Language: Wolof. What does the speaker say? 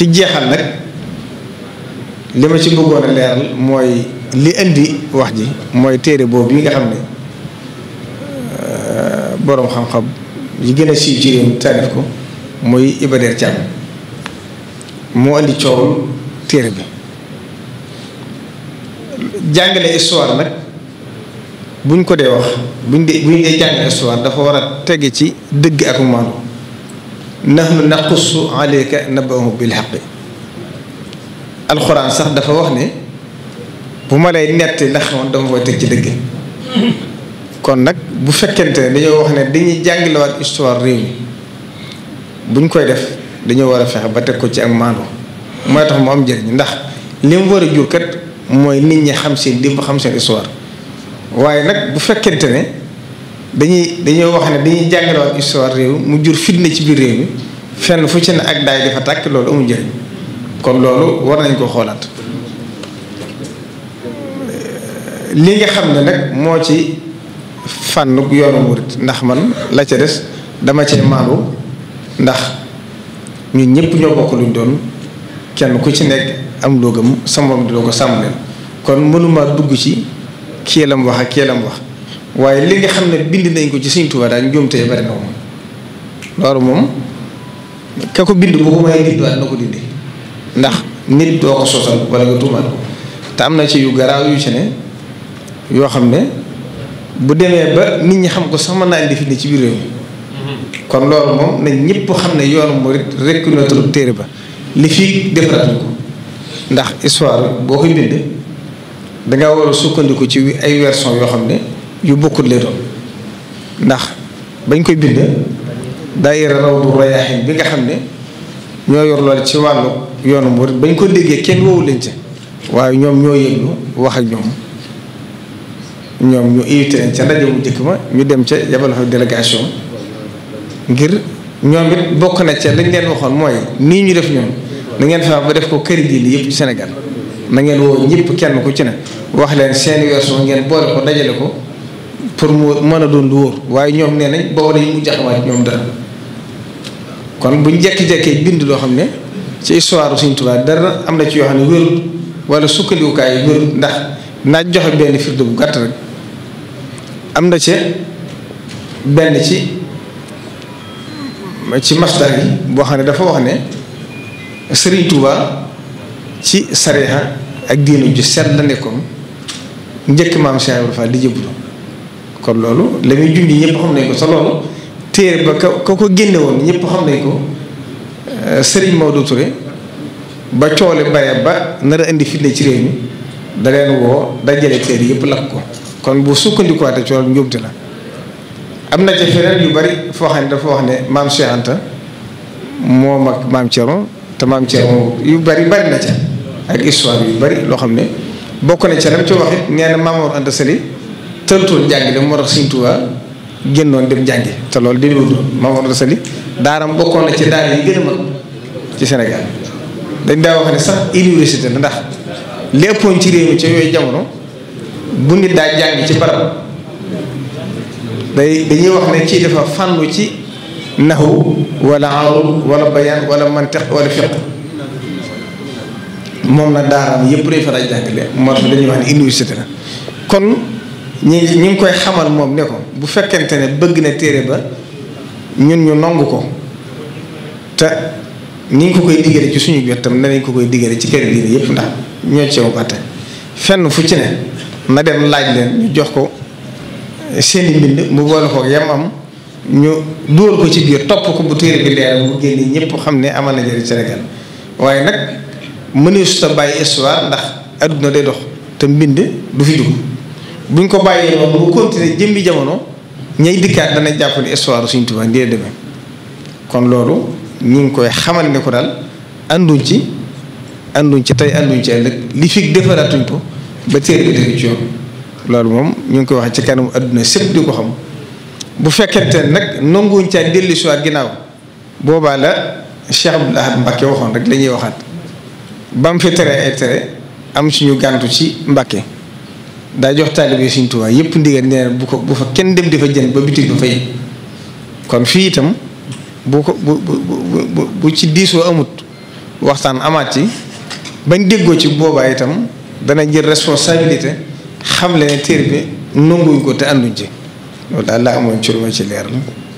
ci jeexal nag li ma ci bëggoon leeral mooy li indi wax ji mooy téere boobu yi nga xam ne euh, boroom xam-xam yi gën a siiw ci taalif ko muy Iba Der moo indi coowul téere bi jàngale histoire nag buñ ko dee wax buñ dee ñu dee jàngale histoire dafa war a tege ci dëgg ak maandu نحن نقص عليك نبأه بالحق القرآن صح دفع وحني بما لا ينتهي لخون دم وتجي دقي كونك بفكرت ليه وحني دني جنجل وات إستوار ريم بن كويدف ليه وارف يا بدر كوتشي أمانو ما تهم أم جري نح لين ور جوكت ما ينني خمسين ديم خمسين إستوار وينك بفكرت ليه dañuy dañoo wax ne dañuy jàngaloon histoire réew mu jur fitna ci biir réew mi fenn fu ci ne ak daay dafa tàkk loolu amul njëriñ kon loolu war nañ ko xoolaat eh, li nga xam ne nag moo ci fànn yoonu murit ndax man la ca des dama cee maalu ndax ñun ñëpp ñoo bokk doon kenn ku ci nekk am loo sa sama moom di loo ko sàmm leen kon mënuma dugg ci kii la mu wax ak kii la mu wax. waaye li xam ne bind nañ ko ci Sëriñ Tuubaa daañu jomtee bari na moom loolu moom ka ko bind bu ko may dindiwaat na ko dindi ndax nit doo ko sosal wala nga tuumaat te am na ci yu garaaw yu ci ne yoo xam ne bu demee ba nit ñi xam ko sama mën naa indi fi ci biir réew mi kon loolu moom nañ ñëpp xam ne yoonu murit rekk na trop téere ba li fii defaraat ko ndax histoire boo koy bind danga war a sukkandiku ci ay werson yoo xam ne yu bokkut lay ndax bañ koy bind daayira Rawdu Rayaahiin bi nga xam ne ñoo yor loolu ci wàllu yoonu murid bañ ko déggee kenn woowu leen ca waaye ñoom ñoo yëglu wax ak ñoom ñoom ñu invité leen ca ndaje mu njëkk ma ñu dem ca yabal fa délégation ngir ñoom it bokk na ca lañ leen waxoon mooy nii ñu def ñoom na ngeen fexe ba def ko këri diine yëpp senegal Sénégal na ngeen woo ñëpp kenn ku ci ne wax leen seen version ngeen boole ko dajale ko. pour mu mën a doon lu wóor waaye ñoom nee nañ booba ñu mu jaxawaat ñoom dara kon buñ jekki-jekkee bind loo xam ne ci histoire Sëriñ Tuubaa dara am na ci yoo xam ne wérul wala sukkandikukaay ndax naaj joxe benn firnde bu gàtt am na ci benn ci ci masdar yi boo xam ne dafa wax ne Sëriñ Tuubaa ci sariha ak diinu ju set la nekkoon njëkk maam Cheikh Ibrahima Fall di jëbbu kon loolu la muy junj ñëpp xam nañ ko sa loolu téere ba ka ko génne woon ñëpp xam nañ ko euh, Serigne Maodo Touré ba coole bare ba nar a indi fitne ci réew mi da woo dajale téere yëpp lakk ko kon bu sukkandikuwaatee coole njuumte la am na ca feneen yu bari foo xam ne dafa wax ne maam Cheikh Anta moom ak maam Thierno te maam Thierno yu bari bari na ca ak histoire yu bari loo xam ne bokk na ca lam ci wax it nee na Maam Mor Anta Sali tëntuwul jàng de moo tax Sëriñ Tuubaa génnoon dem jàngi te loolu di wut Mamadou Rassali daaram bokkoon na ci daara yi gën a mag ci Sénégal dañ daa wax ne sax université la ndax léppoon ci réew mi jamono bu nit daa ci barab day dañuy wax ne kii dafa fànnu ci naxu wala arud wala bayaan wala mantiq wala fiq moom na daaraam yëpp day faral jàngale moo tax dañuy wax ne université la ñi ñi ngi koy xamal moom ne ko bu fekkente ne bëgg na téere ba ñun ñu nongu ko te ni ngi ko koy diggale ci suñu jot tam nañ ko koy diggale ci kër diine yëpp ndax ñoo ceew batte fenn fu ci na dem laaj leen jox ko seeni mbind mu boole ko yam am ñu dóor ci biir topp ko bu téere bi leer mu génne ñëpp xam ne amal na njëriñ Sénégal waaye nag mëneesu ta bàyyi histoire ndax adduna day dox te mbind du fi dugg buñ ko bàyyee noonu mu continuer jëmbi jamono ñay dikkaat dana jàpp ni histoire suñ Tuubaa ndee demee kon loolu ñu ngi koy xamal ne ko daal ànduñ ci ànduñ ci tey ànduñ ci ëllëg li fi defaraatuñ ko ba ci loolu moom ñu ngi koy wax ci kanamu àdduna sépp di ko xam bu fekkente nag nanguwuñ caa dellu si waat ginnaaw boobaa la Cheikh Abdoul Ahad waxoon rek la waxaat ba mu fi tere ay tere am suñu gàntu ci Mbacké daa jox taalibe Sëriñ Tuubaa yëpp ndigal nee bu ko bu fa kenn dem di fa jënd ba bitig ba fay kon fii itam bu ko bu bu bu ci diisoo amut waxtaan amaat ci bañ déggoo ci boobaa itam dana jël responsabilité xam le ne téere bi nanguñ ko te ànduñ ci loolu daal laa amoon ci ci leer la